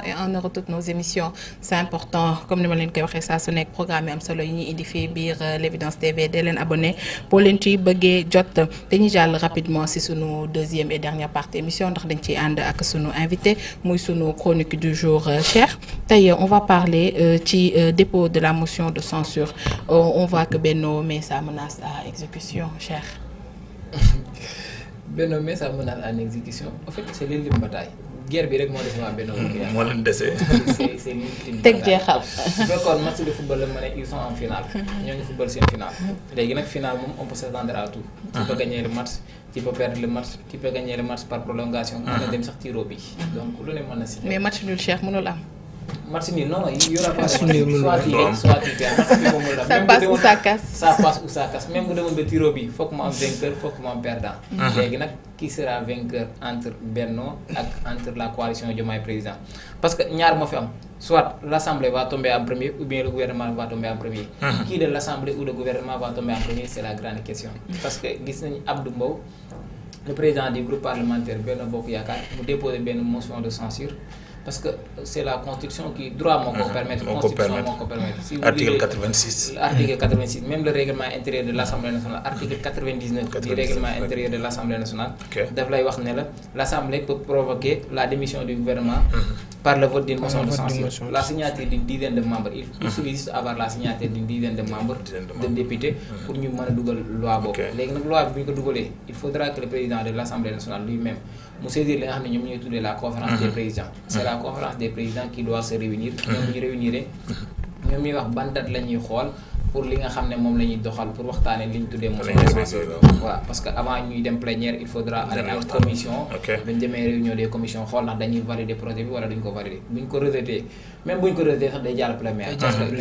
important en Europe toutes nos émissions c'est important comme ni ma leen koy waxee saa su nekk programme yi am solo yi ñuy indi fii biir euh, l'évidence TV dee leen abonné boo leen ci bëggee jot dañuy jàll rapidement si sunu deuxième et dernière partie émission ndax dañ ciy ànd ak sunu invité muy sunu chronique du jour euh, cher tey on va parler euh, ci dépôt de la motion de censure on voit que Benno met sa menace à exécution cher Benno met sa menace à exécution en fait guerre bi rek moo des waa benn moo leen dese. c'est c'est une teg jeexal. su fekkoon match de football la ma ne ils sont en finale. Mhm. football seen finale. léegi nag finale moom on peut s'attendre à tout. tu ah. peux match tu peux match par prolongation. Ah. mën na dem sax tiro bi. donc lu ne mën na si. mais match nul Cheikh mënul am. match nul non non il y aura pas soit tu soit tu perds ça passe ou ça casse ça passe ou ça bi foog mu am vainqueur foog mu am perdant léegi nag qui sera vainqueur entre Benno ak entre la coalition Diomaye Président parce que ñaar moo fi am soit l'assemblée va tomber en premier ou bien le gouvernement va tomber en premier qui de l'assemblée ou le gouvernement va tomber en premier c'est la grande question parce que gis nañu Abdou Mbow le président du groupe parlementaire Benno Bokk Yaakaar mu parce que c'est la constitution qui droit moo ko mmh. permettre constitution moo ko permettre si vous article 86 article 86 mmh. même le intérieur de l'Assemblée nationale article 99 du règlement intérieur de l'Assemblée nationale daf lay wax ne l'Assemblée peut provoquer la démission du gouvernement mmh. par le vote d'une de censure la signature d'une dizaine de membres il suffit juste la signature d'une dizaine de de députés pour ñu mu saisir li nga xam ne ñoom ñooy tuddee la conférence des mhm. présidents mhm. c'est la conférence des présidents qui doit se réunir ñoom ñu réunir mhm. ñoom ñuy wax ban date la ñuy xool pour li nga xam ne moom la doxal pour waxtaanee li tuddee moom waaw parce que avant ñuy dem plénière il faudra aller en commission buñ demee réunion des commissions xool ndax dañuy valider projet bi wala duñ ko valider buñ ko rejeté même buñ ko rejeté sax day jàll plénière parce que moo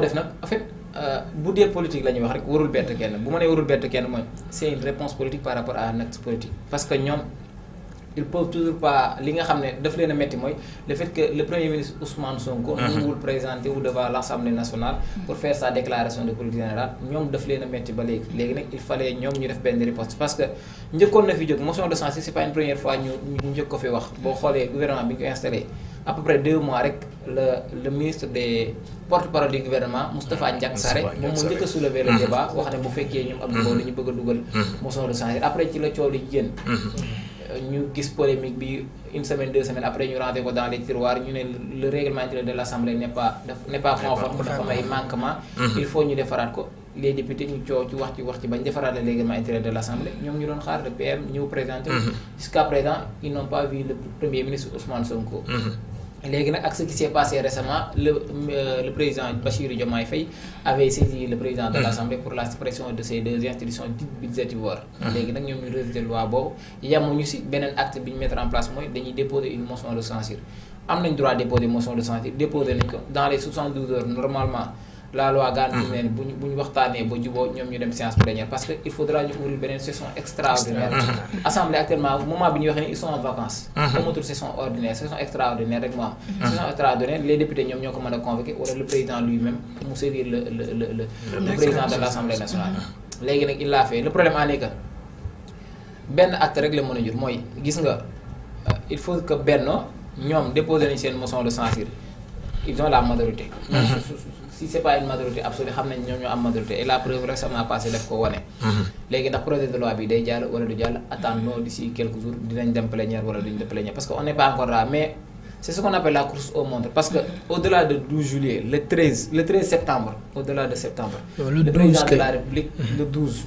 def nag en fait euh, bu dee politique la wax rek warul bett kenn bu ma nee warul bett kenn mooy c'est une réponse politique par rapport à un acte politique parce ils peuvent toujours pas li nga xam ne daf leen a métti mooy le fait que le premier ministre Ousmane Sonko. Mhm. nanguwul présenter wu devant l' assemblée nationale. pour faire sa déclaration de politique générale ñoom daf leen a métti ba léegi. léegi nag il fallait ñoom ñu def benn riposte parce que njëkkoon na fi jóg motion de censure c' pas une première fois ñu ñu njëkk ko fi wax boo xoolee gouvernement bi ñu ko installé. à peu près deux mois rek la le ministre des porte mhm. mhm. bu fekkee ñoom Abdou Mbow la ñu ñu gis polémique bi une semaine deux semaines après ñu rentré ko dans les tiroirs ñu ne le règlement intérieur de l'Assemblée n'est pas n'est pas conforme dafa am manquement mhm. il faut ñu defaraat ko les députés ñu coow ci wax ci wax ci bañ defaraat le règlement intérieur de l'Assemblée ñoom ñu doon xaar le PM ñëw présenté mhm. jusqu'à présent ils n'ont pas vu le premier ministre Ousmane Sonko mhm. léegi nag ak ce qui s'est passé récemment le euh, le président Bassirou Diomaye Faye avait saisi le président de mm. l'Assemblée pour la suppression de ces deux institutions dites budgétivores mm. léegi nag ñoom ñu rejeté loi boobu yemuñu ci beneen acte bi ñu mettre en place mooy dañuy déposer une motion de censure am nañ droit déposer motion de censure déposer nañ ko dans les 72 heures normalement la loi garantit hmm. leen bu ñu bu ñu waxtaanee ba juboo ñoom ñu dem séance plénière parce que il faudra ñu ouvrir beneen session extraordinaire assemblée actuellement moment bi ñuy wax ne ils sont en vacances hmm. amatul session ordinaire session extraordinaire rek moo am hmm. extraordinaire les députés ñoom ñoo ko mën a convoquer wala le président lui-même mu saisir le le le le nationale léegi nag il l'a fait le problème en benn acte rek la mën a jur mooy gis nga euh, il faut que benn ñoom déposer nañ seen de censure ils ont la majorité si c' pas une majorité absolue xam nañ ñoom ñoo am majorité et la preuve récemment passé daf ko wane. Mm-hmm. léegi ndax projet de loi bi day jàll wala du jàll attendons d'ici quelques dinañ dem plénière wala duñ dem plénière parce que on n'est pas encore là mais c' ce qu'on appelle la course aux montres parce que au delà de 12 le 13 le 13 septembre au delà de septembre. le 12 le la république mm-hmm. le 12.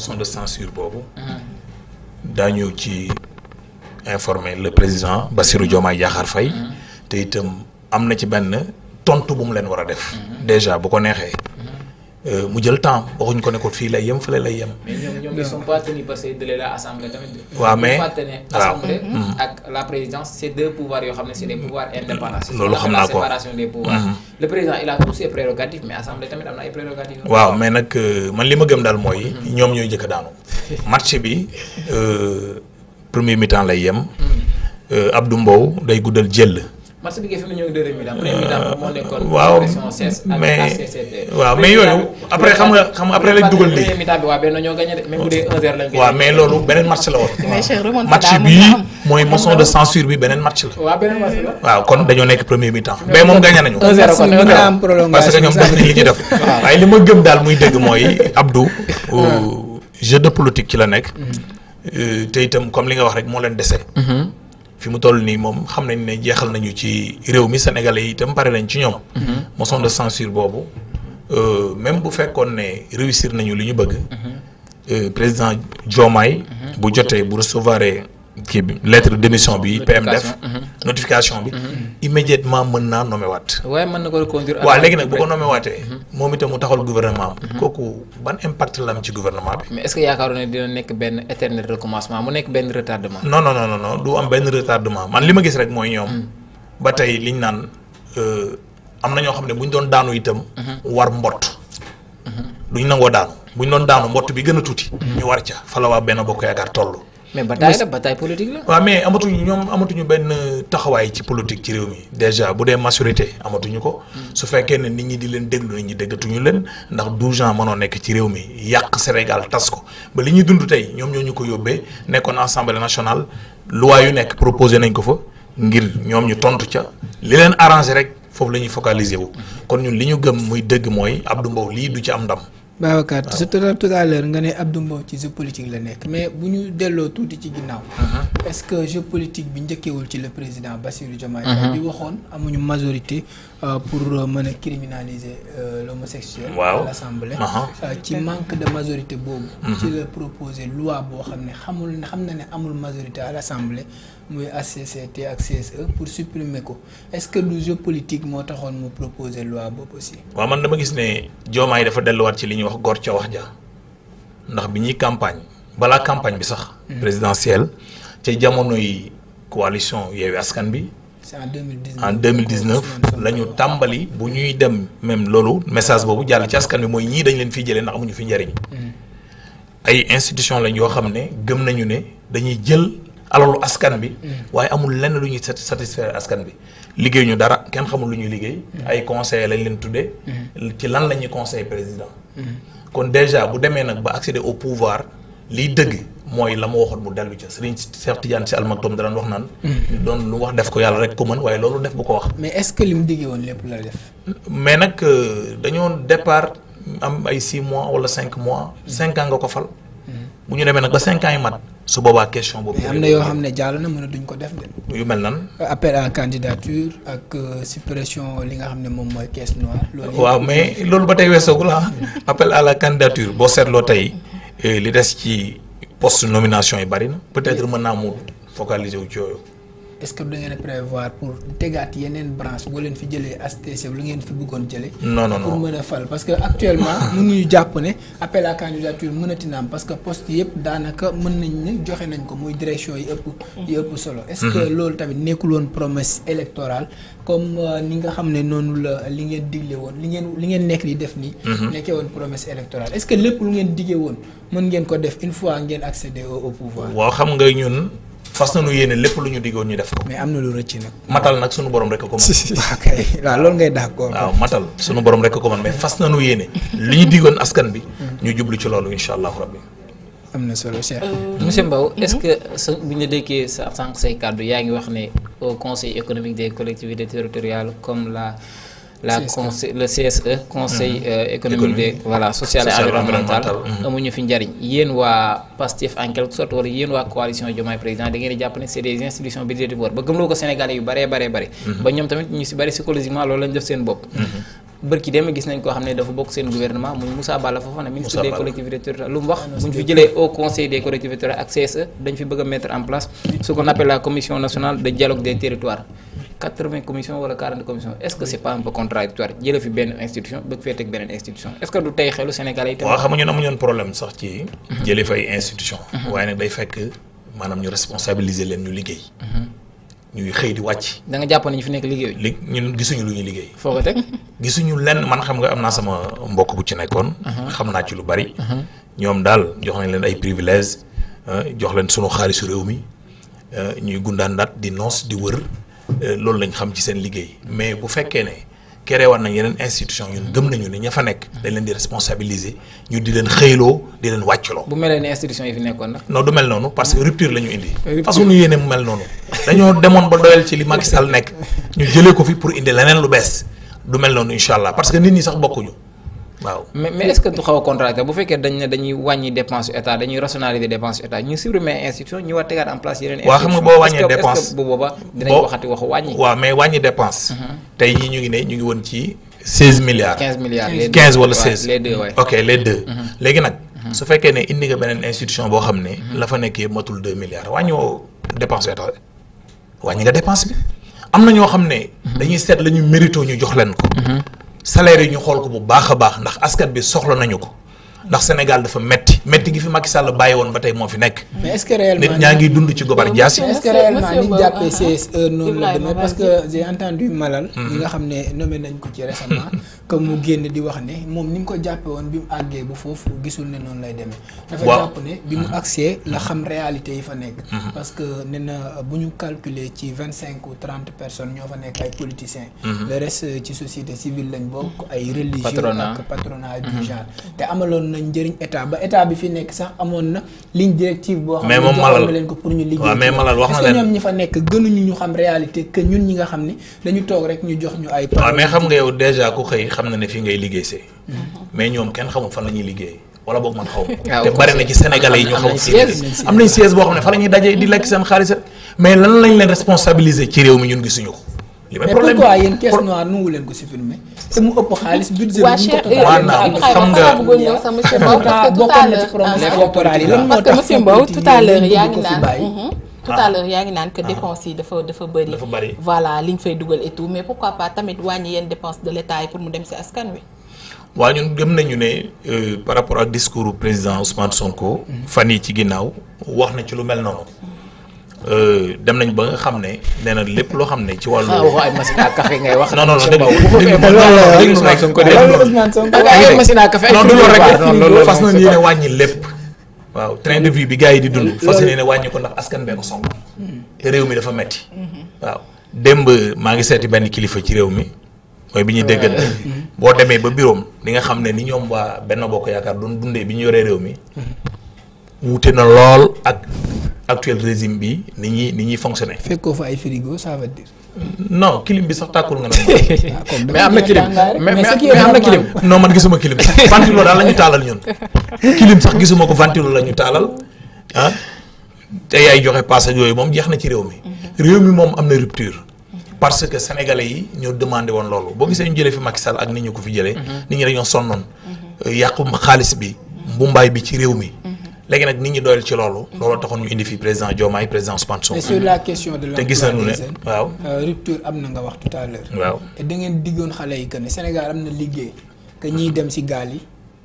son de censure boobu daañu ci informer le président Bassirou Diomaye Diakhar Faye te itam am na ci benn tontu bu mu leen war a def mm-hmm. déjà bu ko neexee Euh, mu jël temps waxuñ ko ne fii lay yem fële lay yem. mais ñoom ñoom ils waaw mais mm-hmm. ak la présidence c'est deux yoo xam ne c'est mm-hmm. xam mm-hmm. a tous ses prérogatives mais assemblée tamit am na waaw mais nag euh, man li ma gëm daal mooy. ñoom ñooy jëkk daanu. match bi euh, premier mi lay yem. Abdou Mbow day guddal jël. match bi nga fi mu ñëw deuxième mi-temps premier mi-temps euh, waaw mais waaw mais yooyu après xam nga xam nga après lañ dugal léegi mi-temps bi waa benn ñoo gagné de waaw mais loolu beneen match la woon match bi mooy motion de censure bi beneen match la waaw kon dañoo nekk premier mi-temps mais moom gagné nañu 1 parce que ñoom def nañ li def waaye li ma gëm daal muy dëgg mooy Abdou euh, jeu de politique ci la nekk mhm. euh, te itam comme li nga wax rek moo leen dese mhm. fi mu toll nii moom xam nañ ne jeexal nañu ci réew mi sénégalais yi itam pare nañ ci ñoom. Mhm. motion de censure boobu euh, même bu fekkoon ne réussir nañu lu ñu bëgg. Mhm. Euh, président Diomaye mhm. bu jotee bu recevoir kii bi lettre démission bi PM mhm. notification bi. Mhm. immédiatement mën naa nommé waat. waaye mën na ko reconduire. waaw léegi nag bu ko nommé waatee. Mhm. moom itam mu taxal gouvernement am. kooku ban la am ci bi. mais est-ce que yaakaaroon ne dina nekk benn éternel recommencement mu nekk benn retardement. non non non non du am benn retardement man li ma gis rek mooy ñoom. ba tey liñ naan euh, am na ñoo xam ne bu ñu doon daanu itam. war mbott. duñ nangoo daanu bu ñu doon daanu mbott bi gën a tuuti. ñu war ca fa la benn bokk yaakaar toll. mais bataille la bataille politique la. waa mais amatuñu ñoom amatuñu benn taxawaay ci politique ci réew mi déjà bu dee maturité amatuñu ko. su fekkee ne nit ñi di leen déglu nit ñi déggatuñu leen ndax 12 ans mënoo nekk ci réew mi yàq Sénégal tas ko ba li ñuy dund tey ñoom ñoo ñu ko yóbbee nekkoon assemblée national loi yu nekk proposé nañ ko fa ngir ñoom ñu tontu ca li leen arrangé rek foofu la ñuy focaliser wu. kon ñun li ñu gëm muy dëgg mooy Abdou lii du ci am ndam. Babacar te tout à l'heure nga ne Abdou Mbow ci jeu politique la nekk mais bu ñu delloo tuuti ci ginnaaw. Uh-huh. est-ce que jeu politique bi njëkkeewul ci le président Bassirou Diomaye. bi uh-huh. waxoon amuñu majorité euh, pour euh, mën a criminaliser euh, l'homosexuel. waaw à uh-huh. ci manque de majorité boobu. ci la proposer loi boo xam ne xamul xam na ne amul majorité à l'Assemblée. muy HCCT ak CSE pour supprimer ko est-ce que du jeu politique moo taxoon mu proposer loi boobu aussi. waaw man dama gis ne Diomaye dafa delluwaat ci li ñuy wax gor ca wax ja ndax bi ñuy campagne balaa campagne bi sax. Hmm. présidentielle ca jamono yi coalition Yewwi Askan Bi. c'est en 2019 en 2019 la ñu tàmbali bu ñuy dem même loolu message boobu jàll ci askan bi mooy ñii dañ leen fii jëlee ndax ñu fi njariñ hmm. ay institution lañ yoo xam ne gëm nañu ne dañuy jël. alalu askan bi. Mm. waaye amul lenn lu ñuy satisfaire askan bi liggéey ñu dara kenn xamul lu ñuy liggéey. Mm. ay conseil lañ leen tuddee. Mm. ci lan la ñuy conseil président. kon déjà bu demee nag ba accéder au pouvoir liy dëgg mooy la ma waxoon mu dellu ca Serigne Cheikh Tidiane si almaktoom daan wax naan. ñu doon lu wax def ko yàlla rek ko mën waaye loolu def bu ko wax. mais est-ce que li mu diggee woon lépp la def. mais nag euh, dañoo départ am ay 6 mois wala cinq mois. 5 ko fal. bu ñu demee nag ba mat. su boobaa question boobu. am na yoo xam ne jàll na mën a duñ ko def de. yu mel nan. appel à candidature ak euh, suppression li nga xam ne moom mooy caisse noire. loolu waaw mais loolu ba tey weesoogul ah. appel à la candidature boo seetloo tey euh, li des ci post nomination yi bari na peut-être mën naa mu focaliser wu ci yooyu. est-ce que da prévoir pour tegaat yeneen branche boo leen fi jëlee HTC li ngeen fi bëggoon jëlee. non non pour mën a fal parce que actuellement. mënuñu jàpp ne appel à candidature mënati naam parce que poste yëpp daanaka mën nañ ne joxe nañ ko muy direction yi ëpp. yi solo. est-ce que mhm. loolu tamit nekkul woon promesse électorale comme euh, ni nga xam ne noonu la li ngeen digle woon li ngeen li ngeen nekk di def nii. Mhm. nekkee woon promesse électorale est-ce que lépp lu ngeen diggee woon mën ngeen ko def une fois ngeen accéder au pouvoir. waaw xam nga ñun. fas na nu yéene lépp lu ñu diggoon ñu def ko. mais am na lu rëcc nag. matal nag sunu borom rek ko mën. mais fas na nu yéene. li ñu diggoon askan bi. ñu jublu ci loolu incha allahu rabbi. am na solo Cheikh. Euh, monsieur Mbow est-ce que sa bu ñu la déggee sànq say kàddu yaa ngi wax ne au conseil économique des collectivités territorial comme la. la e, conseil le CSE conseil économique des voilà social et environnemental mmh. amuñu fi njariñ yéen waa Pastef en quelque sorte wala yéen waa coalition Diomaye président da ngeen di jàpp ne c'est des institutions budgétivores ba gëmloo ko Sénégalais yu baree baree bare mmh. ba ñoom tamit ñu si bari psychologiquement loolu lañ def seen bopp mmh. bërki dem gis nañ koo xam ne dafa bokk seen gouvernement muy Moussa Balla Fofana ministre des collectivités territoriales lu mu wax ah, 80 commission wala 40 commission est ce que c' est pas un peu contradictoire jëlee fi benn institution bëgg fee teg beneen institution est ce que du tey xelu Sénégalais yi. waaw xam mhm. mhm. day fekk maanaam ñu responsabiliser leen ñu liggéey. Mhm. ñuy xëy wàcc. da nga jàpp ne fi nekk liggéey. li ñun gisuñu lu ñuy liggéey. foo ko teg gisuñu lenn man xam nga am naa sama mbokk bu ci nekkoon. xam naa ci lu bari. ñoom daal jox nañ leen ay privilèges euh, jox leen sunu xaalisu réew mi euh, ñuy gundaandaat di noos di wër Euh, loolu lañ xam ci seen liggéey mais bu fekkee ne créé war nañ yeneen institution ñun gëm nañu ne ña fa nekk dañ leen di responsabiliser ñu di leen xëyloo di leen wàcculoo. bu mel ni institution yi fi nekkoon nag. non du mel noonu parce que rupture la ñu indi. parce que ñu yéene mu mel noonu. dañoo demoon ba doyal ci li Macky Sall nekk ñu jëlee ko fi pour indi leneen lu bees du mel noonu incha allah parce que nit ñi sax bokkuñu. waaw mais mais est-ce que du xaw a contradictoire bu fekkee ne dañuy wàññi dépense état dañuy rationaliser dépense état ñu supprimer institution ñu war tegaat en place yeneen. institution waaw xam nga boo wàññee dépense est-ce que bu boobaa dinañ mhm. ñu ngi ne ñu ngi woon ci. 16 milliards 15 milliards les 15 wala 16 mhm. léegi nag. Mhm. su fekkee ne indi beneen institution boo xam ne. la fa nekk yëpp matul 2 milliards wàññoo dépense état wàññi nga dépense bi am na ñoo xam ne. dañuy seet la ñu mérito ñu jox leen ko. salaire yi ñu xool ko bu baax a baax ndax askan bi soxla nañu ko ndax Sénégal dafa metti metti gi fi Macky Sall bàyyi woon ba tey moo fi nekk. mais est-ce que réellement nit ñaa ngi dund ci gobar jaas yi. est-ce ni jàppee ah, CSE noonu la demee parce que j'ai entendu Malal. Mm-hmm. ñi nga xam ne nommé nañ ko ci récemment. Mm-hmm. que mu génn di wax ne moom ni mu ko jàppee woon bi mu àggee bu foofu gisul ne noonu lay demee. dafa jàpp ne bi mu mm-hmm. agsee la xam réalité yi fa nekk. parce que ne na bu ñu calculer ci vingt cinq ou trente personnes ñoo fa nekk ay politiciens. le reste ci société civile lañ bokk ay religieux ak patronat du genre te amaloon. nañ njëriñ état ba état bi fi nekk sax amoon na ligne directive boo xam ne joxoon leen ko pour ñu liggéey mais malal wax na leen ñoom ñi fa nekk gënuñu ñu xam réalité que ñun ñi nga xam ne dañu toog rek ñu jox ñu ay waaw mais xam nga yow déjà ku xëy xam na ne fii ngay liggéey see mais ñoom kenn xamul fan la ñuy liggéey wala boog man xaw ma te bari na ci sénégalais yi ñu ah, xaw si am nañ siège boo xam ne fa la ñuy dajee di lekk seen xaalis mais lan lañ leen responsabiliser ci réew mi ñun gisuñu ko li may problème leen ko supprimer te mu ëpp xaalis budget bi ñu ko eh, xam nga ah, bokkoon na ci promesse ah, corporale yi lan moo tax monsieur Mbow yaa ngi naan tout à l'heure yaa ngi mhm, ah. yi dafa dafa bëri voilà liñ fay dugal et tout mais pourquoi pas tamit wàññi yenn dépenses de l'état yi pour mu dem ci askan wi waa ñun gëm nañu ne euh, par rapport ak discours président Ousmane Sonko mhm. fan yi ci ginnaaw wax na ci lu mel noonu Euh, dem nañ ba nga xam ne nee na lépp loo xam ne ci wàllu. ah waaw ay machine à café ngay wax. non non dégg nga dégg Ousmane Sonko de. ay machine à café non du loolu rek fas na yéene wàññi lépp. de vie bi gars yi di dund. fas yéene wàññi ko ndax askan hmm. mi dafa metti hmm. waaw démb maa ngi seeti benn kilifa ci mi. mooy bi ñuy déggal hmm. boo ba biroom li nga xam ne ni ñoom waa benn bokk yaakaar doon dundee bi ñu yoree réew mi. wuute na lool ak. actuel régime bi ni ñuy ni ñuy fonctionner. fekkoo fa ay frigo ça veut dire. non clim bi sax tàkkul nga ne. Ah, mais am na clim mais mais am na clim. non man gisuma clim ventilo daal la taalal ñun. clim sax gisuma ko ventilo la taalal ah te ay joxe passage yooyu moom jeex na ci réew mi. Mhm. réew mi moom am na rupture. parce que sénégalais yi ñoo demandé woon loolu boo gisee ñu jëlee fi Macky Sall ak nit ñu ko fi jëlee. Mhm. nit ñi dañoo sonnoon. Mhm. yàqu xaalis bi. mbumbaay bi ci réew mi. léegi nit ñi doyal ci loolu. Mhm. looloo taxoon ñu indi fi président Diomaye président Ousmane Sonko. mais la question de l'emploi te gis nañu ne waaw. Euh, rupture am na nga wax tout à l'heure waaw te da ne Sénégal am na liggéey. que ñiy mhm. dem si gaal yi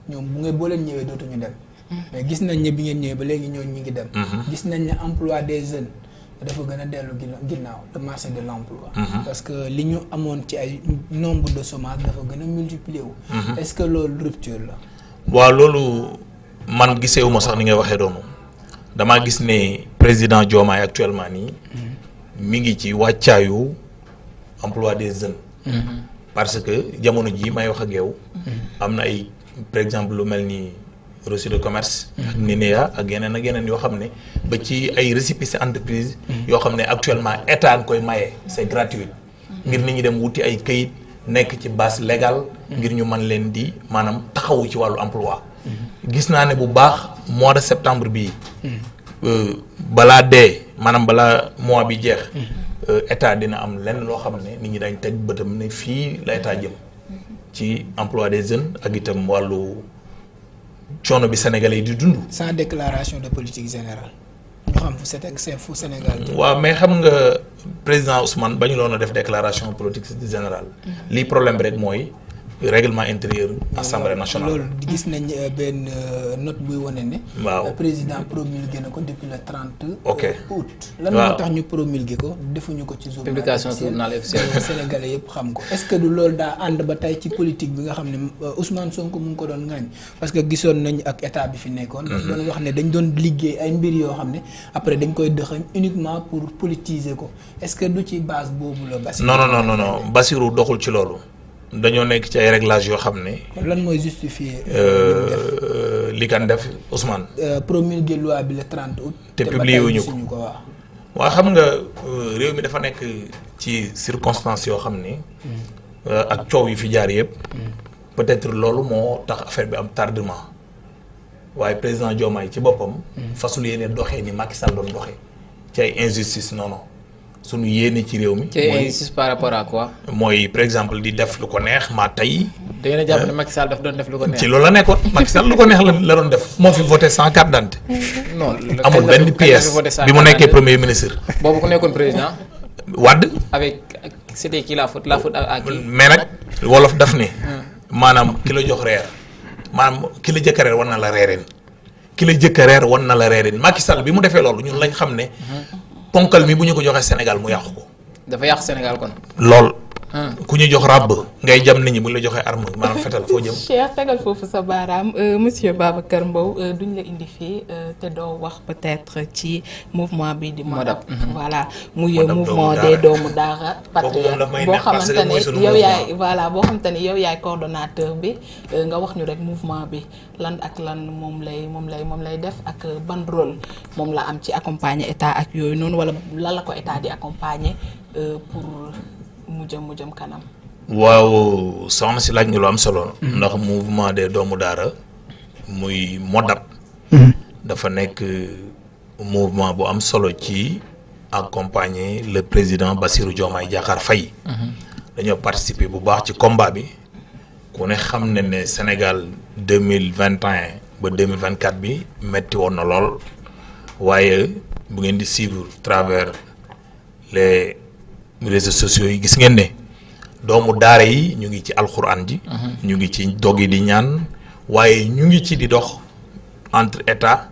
ñoom boo leen ñëwee dootuñu dem. Mhm. mais gis nañ ne bi ngeen ñëwee ba léegi ñooñu ñu ngi dem. gis nañ ne emploi des jeunes. dafa gën a dellu ginnaaw le marché de l'emploi parce que li ñu amoon ci ay nombre de chômage dafa gën a multiplier est-ce que loolu rupture la. waaw loolu. man gisewu ma sax ni ngay waxee doonu damaa gis ne président Diomaye actuellement nii mi ngi ci wàccaayu emploi des jeunes parce que jamono jii may wax a yow am na ay par exemple lu mel ni reçu de commerce ak NINEA ak geneen ak yeneen yoo xam ne ba ci ay récépissé entreprise yoo xam ne actuellement état koy maye c'est gratuit ngir nit ñi dem wuti ay kayit nekk ci base légale. ngir ñu man leen di maanaam taxawu ci wàllu emploi. gis naa ne bu baax mois de septembre bii. Mm-hmm. Euh, balaa dee maanaam balaa mois bi jeex. Mm-hmm. Euh, état dina am lenn loo xam ne nit ñi dañ teg bëtam ne fii la état jëm. Mm-hmm. ci emploi des jeunes ak itam wàllu coono bi Sénégalais yi di dund. sans déclaration de politique général ñu xam fu CETEC fu waaw mais xam nga président Ousmane ba ñu loon a def déclaration politique général mm-hmm. lii problème rek mooy. règlement intérieur assemblée nationale loolu gis nañ euh, benn euh, note buy wane ne. waaw président promulgué na ko depuis le 30 euh, ok août lan moo tax ñu promulgué ko defuñu ko ci journal publication journal officiel yëpp xam ko est-ce que du loolu daa ànd ba tey ci politique bi nga xam ne Ousmane Sonko mu ngi ko doon ngaañ parce que gisoon nañ ak état bi fi nekkoon mhm. doon wax ne dañ doon liggéey ay mbir yoo xam ne après dañ koy dëxañ uniquement pour politiser ko est-ce que du ci base boobu la Bassirou non non non non Bassirou doxul ci loolu dañoo nekk ci ay réglages yoo xam ne. lan mooy justifier. Euh, euh, li kan def Ousmane. Euh, promulgué loi bi le 30 août. te publié wuñu ko ko waa xam nga réew mi dafa nekk ci circonstances yoo xam ni. ak coow yu fi jaar yëpp. peut-être loolu moo tax affaire bi am tardement waaye président yi ci boppam. Mm. fasul yéene doxee ni Macky Sall doon doxee. ci injustice non sunu yéene ci réew mi. mooy par rapport à quoi. mooy par exemple di def lu ko neex maa tey. da ngeen a euh, daf doon def lu ko neex. ci loolu la nekkoon Macky lu ko neex la doon def moo fi voté sans carte d'identité. non amul benn pièce bi mu nekkee premier ministre. boobu ku nekkoon président. Wade. avec c'était qui la faute la faute à qui. mais nag wolof daf ne. Hmm. maanaam ki la jox reer maanaam ki la jëkk a reer war na la reereen ki la jëkk reer war na la reereen Macky Sall bi mu defee loolu ñun lañ xam ne. Hmm. ponkal mi bu ñu ko joxee Sénégal mu yàqu ko. dafa yàq Sénégal kon. lool ku ñu jox ràbb ngay jam nit bu ñu la joxee arme a fetal foo jëm. Cheikh tegal foofu sa baaraam euh, monsieur baba Babacar Mbow euh, duñ la indi fii euh, te doo wax peut-être ci mouvement bi di. Modap mhm. voilà muy mouvement des doomu daara. patriote boo xamante ne yow yaay voilà boo xamante ne yow yaay coordonnateur bi nga wax ñu rek mouvement bi lan ak lan moom lay moom lay moom lay def ak ban rôle moom la am ci accompagner état ak yooyu noonu wala lan la ko état di accompagner pour. mu jëm mu jëm kanam. waaw soxna si laaj nga am solo. Mm-hmm. ndax mouvement des doomu daara muy modab mm-hmm. dafa nekk mouvement bu am solo ci accompagner le président Bassirou Diomaye Diakhar Faye. Mm-hmm. dañoo participer bu baax ci combat bi ku ne xam ne ne Sénégal deux mille vingt et ba deux mille vingt quatre bi metti woon na lool waaye bu ngeen di suivre travers les. réseaux sociaux yi gis ngeen ne doomu daara yi ñu ngi ci alxuraan ji. Mhm. ñu ngi ci dog yi di ñaan waaye ñu ngi ci di dox entre état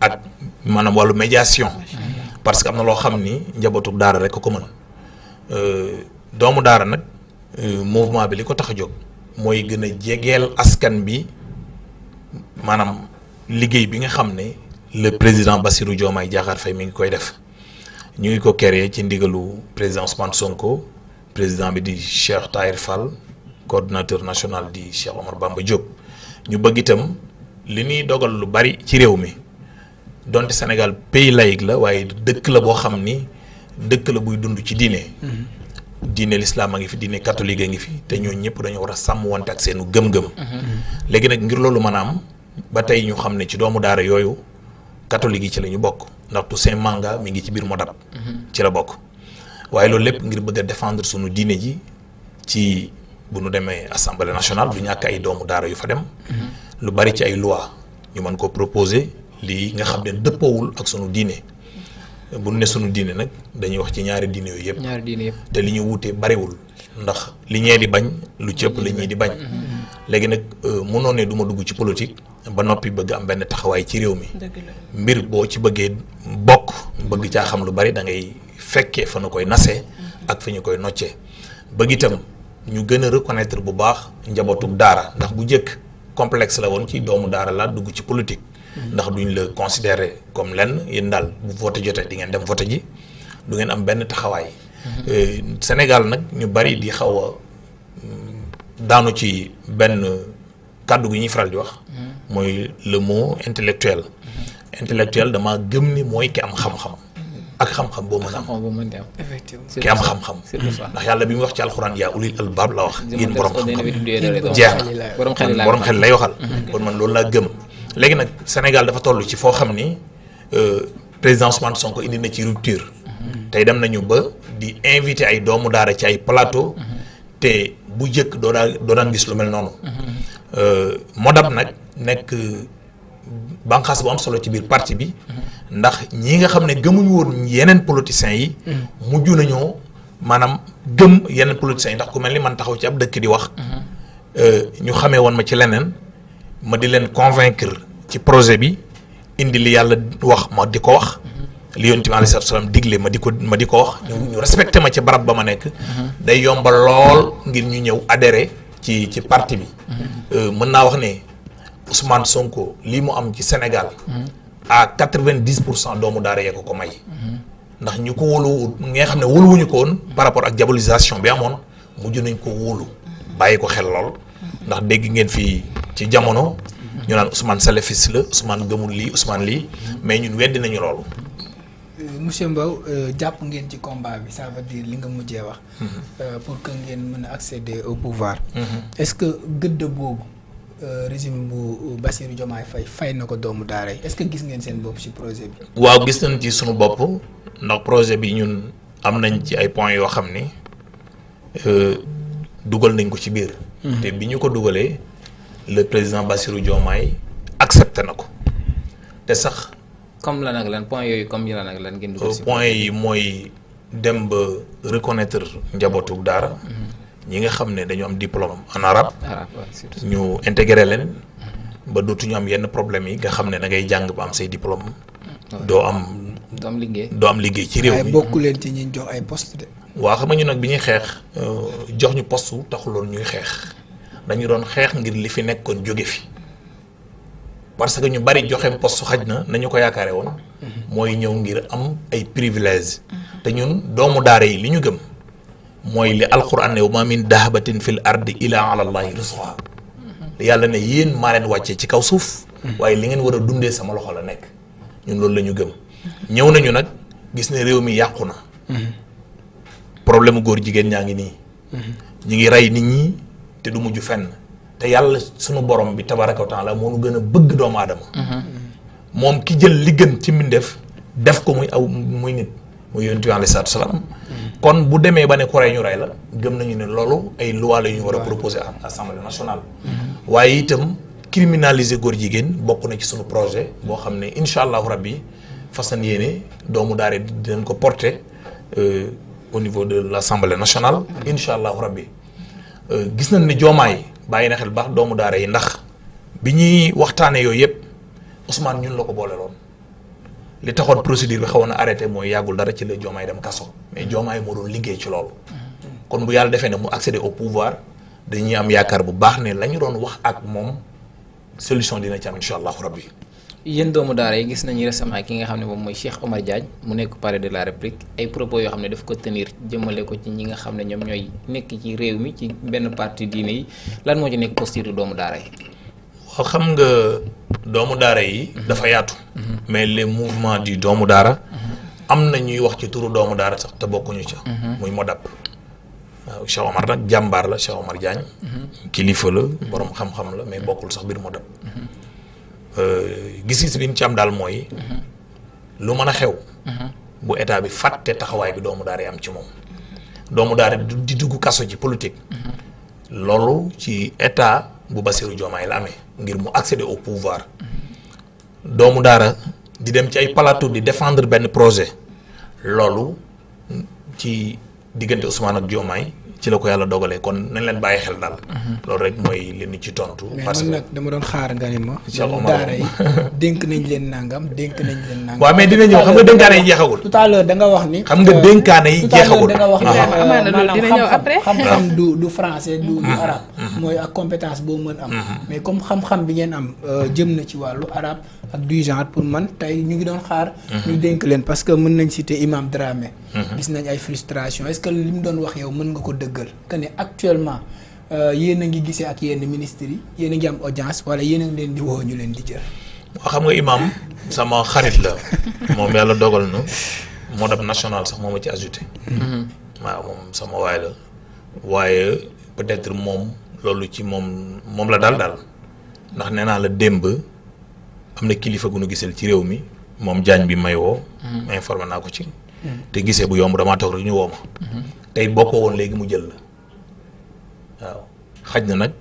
ak maanaam wàllu médiation. Mhm. parce que am na loo xam ni njabootu daara rek ko ko mën euh, doomu daara nag euh, mouvement bi li ko tax a jóg mooy gën a jegeel askan bi maanaam liggéey bi nga xam ne le président Bassirou Diomaye Diakhar Faye mi ngi koy def. ñu ngi ko créé ci ndigalu président Ousmane Sonko président bi di Cheikh Tahir Fall coordonnateur national di Cheikh Omar Bamba Diop ñu bëgg itam li ñuy dogal lu bari ci réew mi donte Sénégal pays laïque la waaye dëkk la boo xam ni dëkk la buy dund ci diine. Mhm. diine lislaam a ngi fi diine katolik a ngi fi te ñoo ñëpp dañoo war a sàmm wante ak seenu gëm-gëm. Mhm. léegi nag ngir loolu mën ba tey ñu xam ne ci doomu daara yooyu katolik yi ci lañu bokk. ndax Toussaint Manga mi ngi ci biir Modap. ci la bokk waaye loolu lépp ngir bëgg defendre défendre sunu diine ji ci bu nu demee assemblée nationale du ñàkk ay doomu daara yu fa dem. lu bari ci ay loi ñu mën ko proposer lii nga xam ne dëppoowul ak sunu diine. bu ne sunu diine nag dañuy wax ci ñaari diine yooyu yëpp. ñaari diine te li ñu wuute bariwul. ndax li ñee di bañ lu cëpp la ñii di bañ. Mm-hmm. léegi nag euh, mënoo ne du ma dugg ci politique. ba noppi bëgg am benn taxawaay ci réew mi mbir boo ci bëggee bokk bëgg ca xam lu bari dangay fekkee fa nu koy nasee mhm. ak fi ñu koy noccee bëgg itam ñu gën a reconnaître bu baax njabootug daara ndax bu njëkk complexe la woon ci doomu daara laa dugg ci politique mhm. ndax duñ la considérer comme lenn yéen daal bu vote jotee di ngeen dem vote ji du ngeen am benn taxawaay mhm. euh, Sénégal nag ñu bari di xaw mm, daanu ci benn kàddu gi ñuy faral di wax. Mm-hmm. mooy le mot intellectuel. Mm-hmm. intellectuel dama gëm ni mooy ki am xam-xam. Mm-hmm. ak xam-xam boo mën a am ki am xam-xam. ndax yàlla bi mu wax ci alxuraan yaa ulil albaab la wax. yéen borom xam-xam jeex na borom xel lay waxal. kon man loolu laa gëm. léegi nag Sénégal dafa toll ci foo xam ni euh, président Ousmane Sonko indi na ci rupture. tey dem nañu ba di invité ay doomu daara ci ay plateau. te bu jëkk doo daan doo daan gis lu mel noonu. Euh, modab nag nekk banqaas bu am solo ci biir partie bi ndax ñi nga xam ne gëmuñu woon yeneen politiciens yi mujj nañoo maanaam gëm yeneen politiciens yi ndax ku mel ni man taxaw ci ab dëkk di wax euh, ñu xamee woon ma ci leneen ma di leen convaincre ci projet bi indi li yàlla wax ma di ko wax li yonent bi alayhi salaatu salaam digle ma di ko ma di ko wax ñu respecté ma ci barab ba ma nekk mhm. day yomba lool ngir ñu ñëw adhéré ci ci parti bi. Euh, mën naa wax ne Ousmane Sonko lii mu am ci Sénégal. à quatre-vingt-dix pour cent doomu daara yee ko ko may. ndax ñu ko wóolu nga xam ne wóoluwuñu ko woon. par rapport ak diabolisation bi amoon mujju nañ ko wóolu. bàyyi ko xel lool. ndax dégg ngeen fii ci jamono. ñu naan Ousmane salafiste la Ousmane gëmul lii Ousmane lii mais ñun weddi nañu loolu. monsieur mbaw euh, jàpp ngeen ci combat bi ça veut dire li nga mujjee wax. Mhm. Euh, pour que ngeen mën a accéder au pouvoir. Mhm. est-ce que gëdd boobu euh, régime bu Bassirou Diomaye Faye fay na ko doomu daara yi est-ce que gis ngeen seen bopp ci projet bi. waaw gis nañ ci sunu bopp ndax projet bi ñun am nañ ci ay points yoo xam ni dugal nañ ko ci biir. Mhm. te bi ñu ko dugalee le président Bassirou Diomaye accepté na ko te sax. comme lan ak lan point yooyu comme lan ak lan ngeen dugal si euh, point yi mooy dem ba reconnaître njabootu daara mm-hmm. ñi nga xam ne dañu am diplôme en arabe ñu intégré leen ba dootuñu am yenn problème yi nga xam ne da ngay jàng ba am say diplôme mm-hmm. doo am doo am liggéey doo am liggéey ci réew mi bokku leen ci ñi jox ay post de waa xam nag bi ñuy xeex euh, jox ñu poste taxuloon ñuy xeex dañu doon xeex ngir li fi nekkoon jóge fi parce que ñu bari joxe post xaj na nañu ko yaakaare woon mooy ñëw ngir am ay privilège te ñun doomu daara yi li ñu gëm mooy li alquran ne wa ma min dahabatin fil ardi ila ala allahi yàlla ne yéen maa leen wàccee ci kaw suuf waaye li ngeen war a dundee sama loxo la nekk ñun loolu lañu ñu gëm ñëw nañu nag gis ne réew mi yàqu na problème góor jigéen ñaa ngi nii ñu ngi rey nit ñi te du mujj fenn te yàlla sunu borom bi tabaraka wa la moo nu gën a bëgg doomu aadama moom ki jël li gën ci mbindeef def ko muy aw muy nit muy yonent bi salaam kon bu demee ba ne ku rey ñu rey la gëm nañu ne loolu ay loi la ñu war a proposer à nationale waaye itam criminaliser góor jigéen bokk na ci sunu projet boo xam ne incha allahu rabbi fasan yéene doomu daare dinañ ko porter euh, au niveau de l' assemblée nationale mm-hmm. incha allahu rabbi euh, gis nañ ne joomaay bàyyi na xel baax doomu daara yi ndax bi ñuy waxtaanee yooyu yëpp Ousmane ñun la ko boole booleloon li taxoon procédure bi xawoon na arrêté mooy yàggul dara ci la Diomaye dem kaso mais Diomaye moo doon liggéey ci loolu. kon bu yàlla defee ne mu accéder au pouvoir dañuy am yaakaar bu baax ne la ñu doon wax ak moom solution dina ci am incha allahu rabbi. yéen doomu daara yi gis nañu récemment ki nga xam ne moom mooy Cheikh Omar Diagne mu nekk palais de la République ay propos yoo xam ne daf ko tenir jëmale ko ci ñi nga xam ne ñoom ñooy nekk ci réew mi ci benn parti diine yi lan moo ci nekk posture doomu daara yi. waaw xam nga doomu daara yi. Mhm. dafa yaatu. Mhm. mais les mouvements di doomu daara. Mhm. am na ñuy wax ci turu doomu daara sax te bokkuñu ca. muy modap. waaw Cheikh Omar nag jàmbaar la Cheikh Omar Diagne. kilifa la borom la mais bokkul sax biir modap. Euh, gis-gis bi mu ci am daal mooy. lu mën a xew. bu état bi fàtte taxawaay bi doomu daara yi am ci moom. doomu daara di dugg kaso ci politique. loolu ci état bu Bassirou Diomaye la amee ngir mu accéder au pouvoir. doomu daara di dem ci ay plateau di défendre benn projet loolu ci diggante Ousmane ak Diomaye. ci la ko yàlla dogalee kon nañ leen bàyyi xel daal. loolu rek mooy li ñu ci tontu. parce que mais nag dama doon xaar nga ne ma. daara yi dénk nañ leen nangam dénk nañ leen nangam. waaw mais dina ñëw xam nga dénkaane yi jeexagul. tout à l'heure da nga wax ni. xam nga euh, dénkaane yi jeexagul. tout da nga wax ni euh, dina ñëw après. xam-xam mooy ak compétence boo mën am. mais comme xam-xam bi ngeen am euh, jëm na ci wàllu arabe ak du genre pour man tey ñu ngi doon xaar. ñu dénk leen parce que mën nañ citer imam Dramé. gis nañ ay frustration est-ce dëggal que ne actuellement euh, yéen a ngi gisee ak yenn ministres yi yéen a ngi am audience wala yéen ngi leen di woo ñu leen di jël. waaw xam nga imam sama xarit la moom yàlla dogal na moo def national sax moo ci ajouté. Mhm. waaw moom sama waay waaye peut moom loolu ci moom moom la daal daal ndax nee naa la démb am na kilifa gu nu gisal ci réew mi moom jaañ bi may woo. Mhm. informé naa ko ci. Mhm. te gisee bu yomb damaa toog rek ñu woo tey boo ko woon léegi mu jël la waaw xaj na nag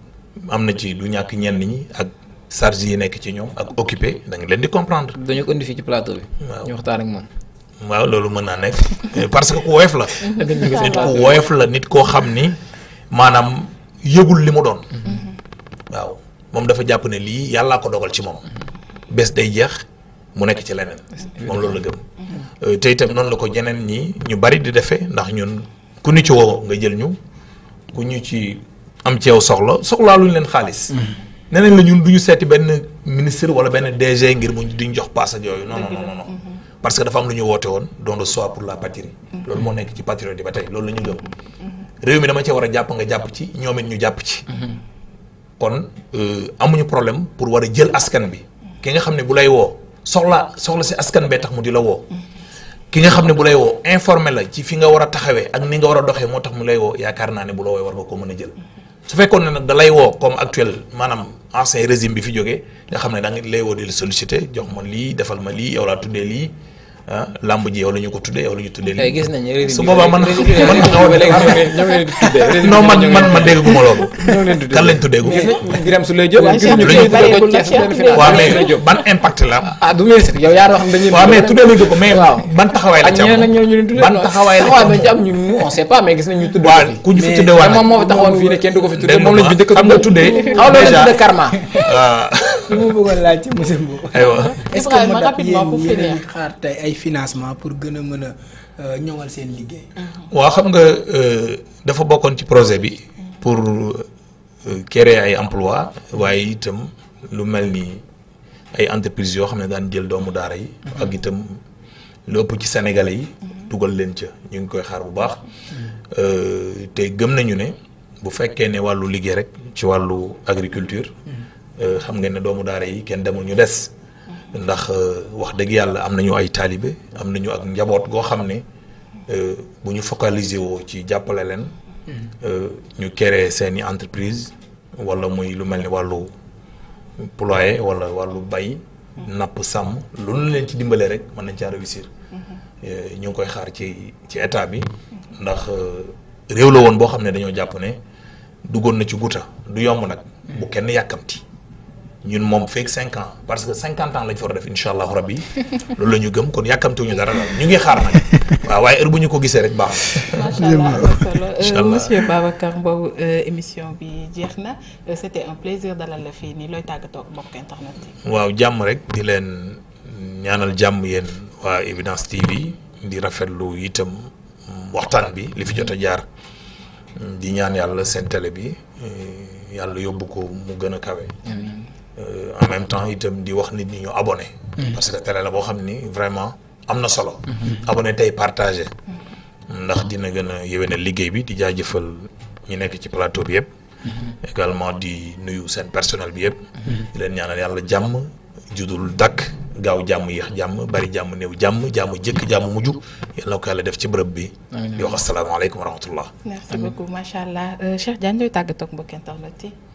am na ci du ñàkk ñenn ñi ak charge yi nekk ci ñoom ak occupé da leen di comprendre. dañu ko indi fii ci plateau bi. waaw loolu mën naa nekk parce que ku woyof la. nit ku woyof la nit koo xam ni maanaam yëgul li mu doon. waaw moom dafa jàpp ne lii yàllaa ko dogal ci moom. bés day jeex mu nekk ci leneen. moom loolu la gëm. Mm-hmm. Euh, te noonu la ko ñeneen ñi ñu bari di defee ndax ñun ku ñu nga jël ñu ku ñu ci am ci yow soxla soxlaaluñ leen xaalis. Mm-hmm. nee nañ la ñun du ñu seeti benn ministre wala benn DG ngir mu duñ jox paas ak yooyu. non non non non mm-hmm. parce que dafa am lu ñu woote woon don le soi pour la patrie. Mm-hmm. loolu moo nekk ci patriote yi ba tey loolu la ñu gëm. réew mi dama cee war a jàpp nga jàpp ci ñoom it ñu jàpp ci. kon euh, amuñu problème pour war a jël askan bi. ki nga xam ne bu lay woo soxla soxla si askan bee tax mu di la woo. ki nga xam ne bu lay woo informé la ci fi nga war a taxawee ak ni nga war a doxee moo tax mu lay woo yaakaar naa ne bu la wooyee war nga ko mën a jël su fekkoon ne nag da lay woo comme actuel maanaam ancien régime bi fi jógee nga xam ne da lay woo di la jox ma lii defal ma lii yow laa tuddee lii ah làmb ji yow la ñu ko tuddee yow la ñu tuddee. lii eh, gis nañu su boobaa man. non man man ma dégg gu ma loolu. kan lañ tuddee gu. Birame Souleye Diop. waaw mais ban impact la am. ah du ministre yow yaa wax dañuy. waaw mais tuddee lañ ko mais ban taxawaay la ci am. ak ñeneen ban taxawaay la ci am ñu on sait pas mais gis nañ ñu tuddee. waaw ku ñu fi tuddee waat moom moo fi taxawoon fii ne kenn du ko fi tuddee moom lañ fi dëkk xam nga tuddee. xaw ma tuddee karma. waaw. li ma bëggoon laaj ci monsieur Mbow. aywa est-ce que mën rapidement pour finir xaar tey ay financement pour gën a mën a euh, ñoŋal seen liggéey. Mm-hmm. waa xam nga euh, dafa bokkoon ci projet bi. pour euh, créer ay emploi waaye itam lu mel nii ay entreprises yoo xam ne daan jël doomu daara yi. Mm-hmm. ak itam lu ëpp ci sénégalais yi. Mm-hmm. dugal leen ca ñu ngi koy xaar bu baax. te gëm nañu ne bu fekkee ne wàllu liggéey rek ci wàllu agriculture. xam nga ne doomu daara yi kenn demul ñu des. ndax euh, wax dëgg yàlla am nañu ay taalibe am nañu ak njaboot goo xam ne euh, bu ñu focaliser woo ci jàppale leen. Mm. Euh, ñu créer seeni entreprise wala muy lu mel ni wàllu ployé wala wàllu bay. Mm. napp sàmm lu ñu leen ci dimbale rek mën nañ caa réussir. Mm-hmm. ñu ngi koy xaar ci ci état bi. ndax réew la woon boo xam ne dañoo jàpp ne duggoon na ci guta du yomb nag. bu mm. kenn yàkkamti. ñun moom feeg cinq ans parce que cinquante ans lañ fa war a def incha allahu rabbi loolu la ñu gëm kon yàkkamtuñu dara daal ñu ngi xaar nag waaw waaye heure bu ñu ko gisee rek baax na. monsieur Babacar Mbow euh, émission bi jeex na euh, c'était un plaisir dalal la fii nii looy tàggatoo mbokk internet yi. waaw jàmm rek di leen ñaanal jàmm yéen waa Evidence TV di rafetlu itam waxtaan bi li fi jot a jaar di ñaan yàlla seen télé bi euh, yàlla yóbbu ko mu gën a kawe. Euh, en même temps itam di wax nit ñi ñu abonné. Mm-hmm. parce que télé la boo xam ni vraiment am na solo. Mm-hmm. abonné tey partage mm-hmm. ndax dina gën a na liggéey bi di jaajëfal ñu nekk ci plateau bi yëpp. également di nuyu seen personnel bi yëpp. di leen ñaanal yàlla jàmm judul dakk gaaw jàmm yeex jàmm bari jàmm néew jàmm jàmm jëkk jàmm mujj yal na ko yàlla def ci bërëb bi. di wax asalaamaaleykum wa rahmatullah.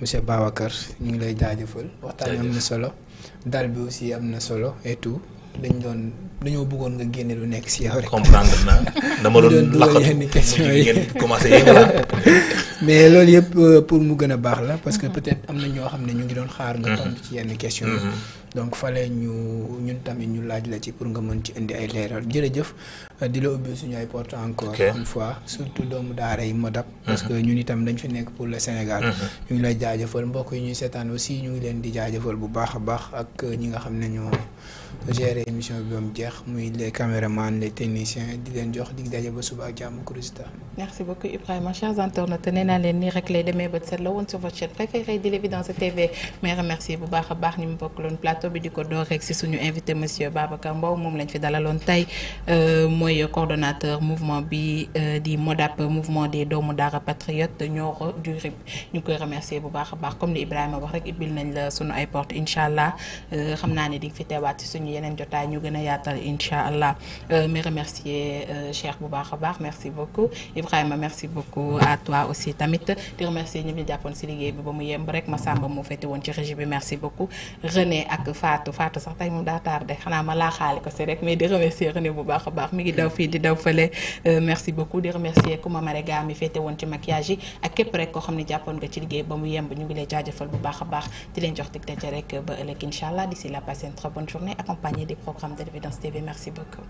monsieur Babacar ñu ngi lay jaajëfal. waxtaan am na solo. dal bi aussi am na solo et tout dañ doon dañoo bëggoon nga génne lu nekk si yow rek. comprendre naa dama doon la lakkatu yenn question yi commencé mais loolu yëpp euh, pour mu gën a baax la parce que peut-être am na ñoo xam ne ñu ngi doon xaar nga mm-hmm. tontu ci yenn question donc fale ñu ñun tamit ñu laaj la ci pour nga mën ci indi ay leeral jërëjëf di la ubbi suñu ay porte encore une fois surtout doomu daara yi ma dab mhm. parce que ñun itam dañ fi nekk pour le Sénégal mhm. ñu ngi lay jaajëfal mbokk yi ñuy seetaan aussi ñu ngi leen di jaajëfal bu baax a baax ak ñi nga xam ne ñoo gérer émission bi ba mu jeex muy les caméramans les techniciens di leen jox di daje ba suba ak jàmm Kourousta. merci beaucoup Ibrahima chers internautes nee naa leen nii rek lay demee bët set la woon sur votre chaîne préférée di l'évidence TV mais remercier bu baax a baax ñu mu bokkaloon plateau bi di ko door rek si suñu invité monsieur Babacar Mbow moom lañ fi dalaloon tey euh, mooy coordonnateur mouvement bi euh, di MODAP mouvement des doomu daara patriotes Nioro du Rip ñu koy remercier bu baax a baax comme li Ibrahima wax rek ibbil nañ la suñu ay porte euh, xam naa ne di suñu yeneen jotaay ñu gën a yaatal incha allah euh, mais remercier euh, Cheikh bu baax a baax merci beaucoup Ibrahima merci beaucoup à toi aussi tamit di remercier ñëpp jàppoon si liggéey bi ba mu yemb ma laa xaale ko si rek mais di remercier a baax mi ngi daw fii di daw fële euh, merci beaucoup di remercier ñu ngi lay jaajëfal bu baax a baax di leen jox dig daje rek ba ëllëg incha allah d'ici là passez une très bonne journée accompagné des programmes d'Evidence TV. Merci beaucoup.